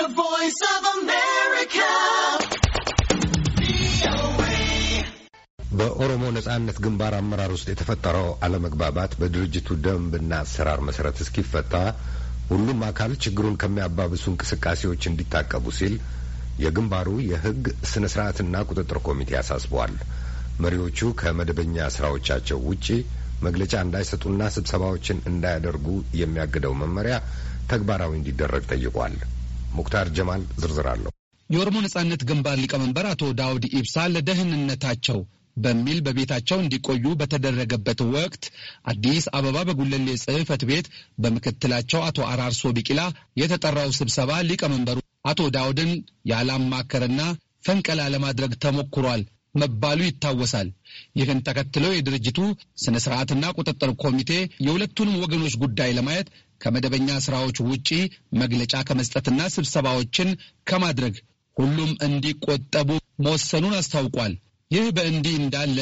The Voice of America. በኦሮሞ ነጻነት ግንባር አመራር ውስጥ የተፈጠረው አለመግባባት በድርጅቱ ደንብና አሰራር መሰረት እስኪፈታ ሁሉም አካል ችግሩን ከሚያባብሱ እንቅስቃሴዎች እንዲታቀቡ ሲል የግንባሩ የሕግ ስነ ስርዓትና ቁጥጥር ኮሚቴ አሳስቧል። መሪዎቹ ከመደበኛ ስራዎቻቸው ውጪ መግለጫ እንዳይሰጡና ስብሰባዎችን እንዳያደርጉ የሚያግደው መመሪያ ተግባራዊ እንዲደረግ ጠይቋል። ሙክታር ጀማል ዝርዝር አለው። የኦሮሞ ነጻነት ግንባር ሊቀመንበር አቶ ዳውድ ኢብሳ ለደህንነታቸው በሚል በቤታቸው እንዲቆዩ በተደረገበት ወቅት አዲስ አበባ በጉለሌ ጽህፈት ቤት በምክትላቸው አቶ አራርሶ ቢቂላ የተጠራው ስብሰባ ሊቀመንበሩ አቶ ዳውድን ያላማከርና ፈንቀላ ለማድረግ ተሞክሯል መባሉ ይታወሳል። ይህን ተከትለው የድርጅቱ ስነ ስርዓትና ቁጥጥር ኮሚቴ የሁለቱንም ወገኖች ጉዳይ ለማየት ከመደበኛ ስራዎች ውጪ መግለጫ ከመስጠትና ስብሰባዎችን ከማድረግ ሁሉም እንዲቆጠቡ መወሰኑን አስታውቋል። ይህ በእንዲህ እንዳለ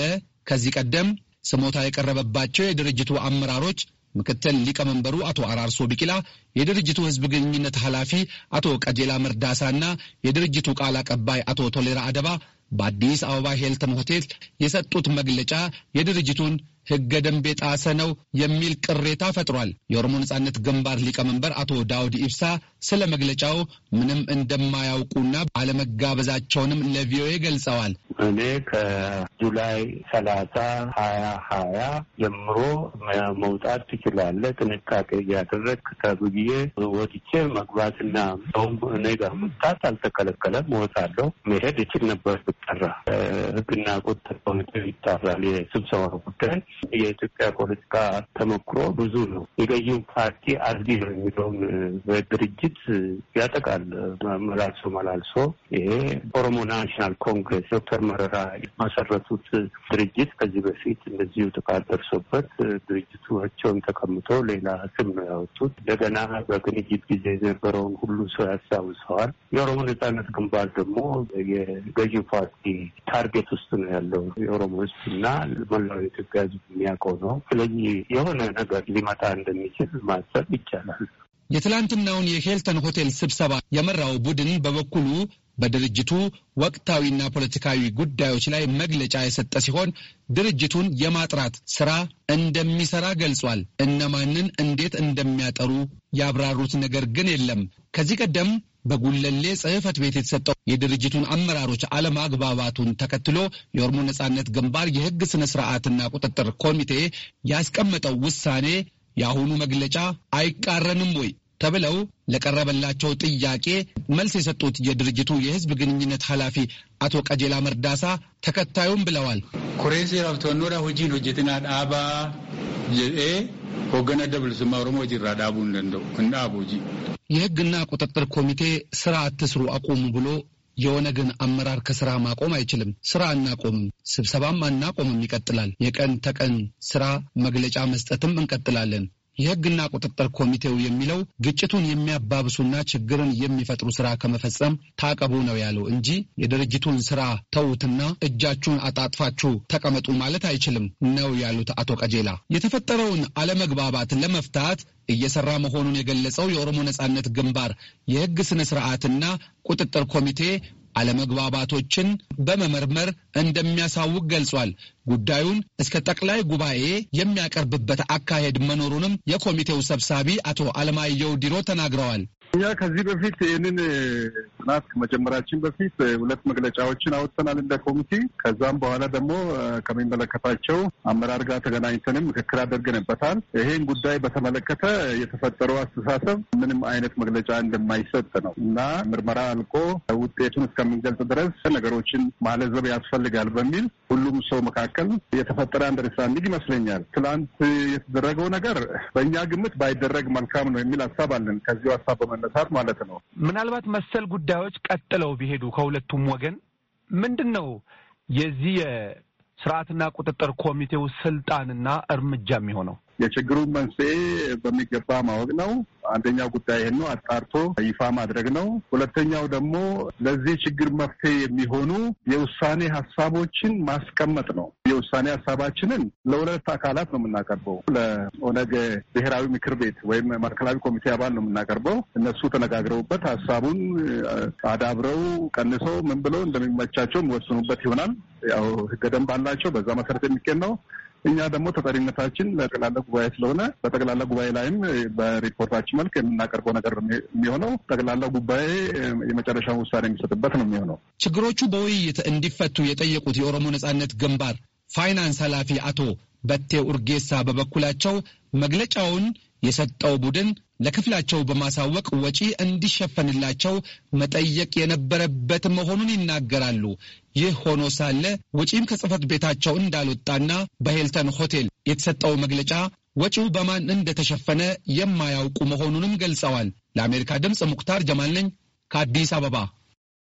ከዚህ ቀደም ስሞታ የቀረበባቸው የድርጅቱ አመራሮች ምክትል ሊቀመንበሩ አቶ አራርሶ ቢቂላ፣ የድርጅቱ ህዝብ ግንኙነት ኃላፊ አቶ ቀጀላ መርዳሳና የድርጅቱ ቃል አቀባይ አቶ ቶሌራ አደባ በአዲስ አበባ ሄልተን ሆቴል የሰጡት መግለጫ የድርጅቱን ህገ ደንብ የጣሰ ነው የሚል ቅሬታ ፈጥሯል። የኦሮሞ ነጻነት ግንባር ሊቀመንበር አቶ ዳውድ ኢብሳ ስለ መግለጫው ምንም እንደማያውቁና አለመጋበዛቸውንም ለቪኦኤ ገልጸዋል። እኔ ከጁላይ ሰላሳ ሀያ ሀያ ጀምሮ መውጣት ትችላለህ ጥንቃቄ እያደረግ ከብዬ ወጥቼ መግባትና ሰውም እኔ ጋር መውጣት አልተከለከለም። እወጣለሁ መሄድ እችል ነበር ብጠራ ህግና ቁጥጥር ኮሚቴ ይጣራል የስብሰባ ጉዳይ የኢትዮጵያ ፖለቲካ ተሞክሮ ብዙ ነው። የገዢው ፓርቲ አዝዲ ነው የሚለውን በድርጅት ያጠቃል መላልሶ መላልሶ። ይሄ ኦሮሞ ናሽናል ኮንግሬስ ዶክተር መረራ የመሰረቱት ድርጅት ከዚህ በፊት እንደዚሁ ጥቃት ደርሶበት ድርጅታቸውን ተቀምጦ ሌላ ስም ነው ያወጡት። እንደገና በግንጅት ጊዜ የነበረውን ሁሉ ሰው ያስታውሰዋል። የኦሮሞ ነጻነት ግንባር ደግሞ የገዢው ፓርቲ ታርጌት ውስጥ ነው ያለው የኦሮሞ ህዝብ እና መላው የኢትዮጵያ ህዝብ የሚያውቀው ነው። ስለዚህ የሆነ ነገር ሊመጣ እንደሚችል ማሰብ ይቻላል። የትላንትናውን የሄልተን ሆቴል ስብሰባ የመራው ቡድን በበኩሉ በድርጅቱ ወቅታዊና ፖለቲካዊ ጉዳዮች ላይ መግለጫ የሰጠ ሲሆን ድርጅቱን የማጥራት ስራ እንደሚሰራ ገልጿል። እነማንን እንዴት እንደሚያጠሩ ያብራሩት ነገር ግን የለም። ከዚህ ቀደም በጉለሌ ጽህፈት ቤት የተሰጠው የድርጅቱን አመራሮች አለማግባባቱን ተከትሎ የኦሮሞ ነጻነት ግንባር የህግ ስነ ስርዓትና ቁጥጥር ኮሚቴ ያስቀመጠው ውሳኔ የአሁኑ መግለጫ አይቃረንም ወይ ተብለው ለቀረበላቸው ጥያቄ መልስ የሰጡት የድርጅቱ የህዝብ ግንኙነት ኃላፊ አቶ ቀጀላ መርዳሳ ተከታዩም ብለዋል። ኩሬሴ ራብቶኖዳ ሁጂን ሁጅትና ዳባ ጀኤ ደብልስማ ኦሮሞ ጅራ ዳቡ እንደንደው እንዳቡ የህግና ቁጥጥር ኮሚቴ ስራ አትስሩ አቁሙ ብሎ የኦነግን አመራር ከስራ ማቆም አይችልም። ስራ አናቆምም፣ ስብሰባም አናቆምም፣ ይቀጥላል። የቀን ተቀን ስራ መግለጫ መስጠትም እንቀጥላለን። የህግና ቁጥጥር ኮሚቴው የሚለው ግጭቱን የሚያባብሱና ችግርን የሚፈጥሩ ስራ ከመፈጸም ታቀቡ ነው ያለው እንጂ የድርጅቱን ስራ ተዉትና እጃችሁን አጣጥፋችሁ ተቀመጡ ማለት አይችልም ነው ያሉት አቶ ቀጀላ። የተፈጠረውን አለመግባባት ለመፍታት እየሰራ መሆኑን የገለጸው የኦሮሞ ነጻነት ግንባር የህግ ስነ ስርዓትና ቁጥጥር ኮሚቴ አለመግባባቶችን በመመርመር እንደሚያሳውቅ ገልጿል። ጉዳዩን እስከ ጠቅላይ ጉባኤ የሚያቀርብበት አካሄድ መኖሩንም የኮሚቴው ሰብሳቢ አቶ አለማየሁ ዲሮ ተናግረዋል። እኛ ከዚህ በፊት ይህንን ጥናት ከመጀመራችን በፊት eh, ሁለት መግለጫዎችን አወጥተናል እንደ ኮሚቴ። ከዛም በኋላ ደግሞ eh, ከሚመለከታቸው አመራር ጋር ተገናኝተንም ምክክር አድርገንበታል። ይሄን ጉዳይ በተመለከተ የተፈጠረው አስተሳሰብ ምንም አይነት መግለጫ እንደማይሰጥ ነው እና ምርመራ አልቆ ውጤቱን እስከምንገልጽ ድረስ ነገሮችን ማለዘብ ያስፈልጋል በሚል ሁሉም ሰው መካከል የተፈጠረ አንደርስታንዲንግ ይመስለኛል። ትላንት የተደረገው ነገር በእኛ ግምት ባይደረግ መልካም ነው የሚል ሀሳብ አለን። ከዚሁ ሀሳብ በመነሳት ማለት ነው ምናልባት መሰል ጉዳይ ጉዳዮች ቀጥለው ቢሄዱ ከሁለቱም ወገን ምንድን ነው የዚህ የስርዓትና ቁጥጥር ኮሚቴው ስልጣንና እርምጃ የሚሆነው? የችግሩን መንስኤ በሚገባ ማወቅ ነው። አንደኛው ጉዳይ ይህን ነው አጣርቶ ይፋ ማድረግ ነው። ሁለተኛው ደግሞ ለዚህ ችግር መፍትሄ የሚሆኑ የውሳኔ ሀሳቦችን ማስቀመጥ ነው። የውሳኔ ሀሳባችንን ለሁለት አካላት ነው የምናቀርበው። ለኦነግ ብሔራዊ ምክር ቤት ወይም ማዕከላዊ ኮሚቴ አባል ነው የምናቀርበው። እነሱ ተነጋግረውበት ሀሳቡን አዳብረው ቀንሰው ምን ብለው እንደሚመቻቸው የሚወስኑበት ይሆናል። ያው ህገ ደንብ አላቸው። በዛ መሰረት የሚገኝ ነው። እኛ ደግሞ ተጠሪነታችን ለጠቅላላ ጉባኤ ስለሆነ በጠቅላላ ጉባኤ ላይም በሪፖርታችን መልክ የምናቀርበው ነገር የሚሆነው ጠቅላላ ጉባኤ የመጨረሻውን ውሳኔ የሚሰጥበት ነው የሚሆነው። ችግሮቹ በውይይት እንዲፈቱ የጠየቁት የኦሮሞ ነጻነት ግንባር ፋይናንስ ኃላፊ አቶ በቴ ኡርጌሳ በበኩላቸው መግለጫውን የሰጠው ቡድን ለክፍላቸው በማሳወቅ ወጪ እንዲሸፈንላቸው መጠየቅ የነበረበት መሆኑን ይናገራሉ። ይህ ሆኖ ሳለ ወጪም ከጽህፈት ቤታቸው እንዳልወጣና በሄልተን ሆቴል የተሰጠው መግለጫ ወጪው በማን እንደተሸፈነ የማያውቁ መሆኑንም ገልጸዋል። ለአሜሪካ ድምፅ ሙክታር ጀማል ነኝ ከአዲስ አበባ